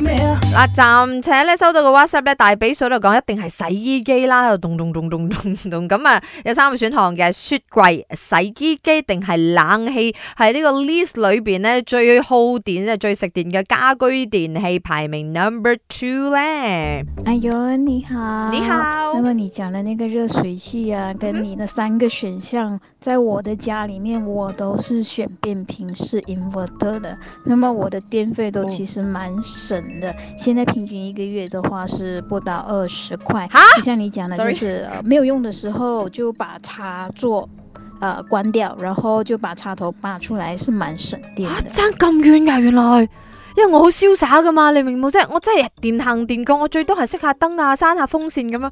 嗱，暫且咧收到個 WhatsApp 咧，大比數嚟講，一定係洗衣機啦，喺度動動動動咁啊，有三個選項嘅雪櫃、洗衣機定係冷氣，係呢個 list 裏邊呢，最耗電即係最食電嘅家居電器，排名 number two 咧。阿呦，你好，你好。那麼你講嘅那個熱水器啊，跟你的三個選項，在我的家裏面，我都是選變頻式 inverter 的，那麼我的電費都其實蠻省。現在平均一個月的話是不到二十塊。啊哈，就像你講啦，Sorry. 就是沒有用的時候就把插座，呃，關掉，然後就把插頭拔出來，是蠻省電。爭咁遠噶，原來，因為我好瀟灑噶嘛，你明唔明？即係？我真係電行電過，我最多係熄下燈啊，閂下風扇咁樣，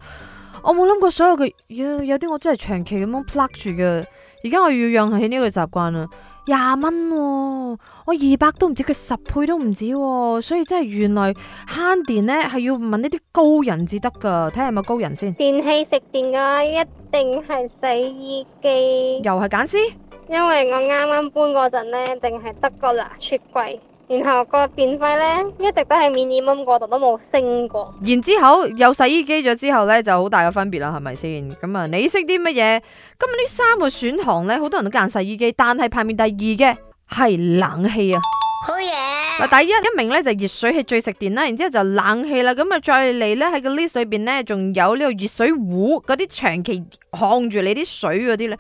我冇諗過所有嘅，有啲我真係長期咁樣 plug 住嘅，而家我要養成呢個習慣啦。廿蚊喎，我二百都唔止，佢十倍都唔止喎，所以真係原來慳電呢係要問呢啲高人至得㗎，睇下係咪高人先。電器食電㗎，一定係洗衣機。又係揀師，因為我啱啱搬嗰陣咧，淨係得個啦，雪櫃。然後個電費呢，一直都係免二蚊，個、um、度都冇升過。然之後有洗衣機咗之後呢，就好大嘅分別啦，係咪先？咁啊，你識啲乜嘢？咁啊，呢三個選項呢，好多人都揀洗衣機，但係排名第二嘅係冷氣啊。好嘢。第一一名呢，就熱水器最食電啦，然之後就冷氣啦。咁啊，再嚟呢喺個 list 裏邊咧，仲有呢個熱水壺嗰啲長期控住你啲水嗰啲呢。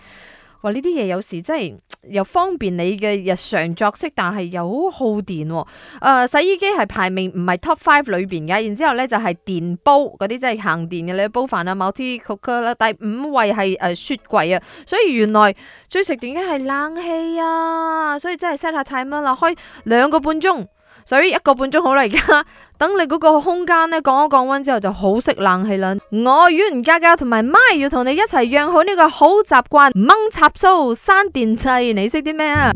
哇，呢啲嘢有時真係。又方便你嘅日常作息，但係又好耗電。哦。誒、呃，洗衣機係排名唔係 Top Five 裏邊嘅，然之後咧就係、是、電煲嗰啲，即係行電嘅你煲飯啊，某啲 coco 啦。第五位係誒、呃、雪櫃啊，所以原來最食電嘅係冷氣啊，所以真係 set 下 time 啦，開兩個半鐘。水一個半鐘好啦，而家等你嗰個空間呢，降一降溫之後就好識冷氣啦。 我演員嘉嘉同埋 m 要同你一齊養好呢個好習慣，掹插粗刪電器，你識啲咩啊？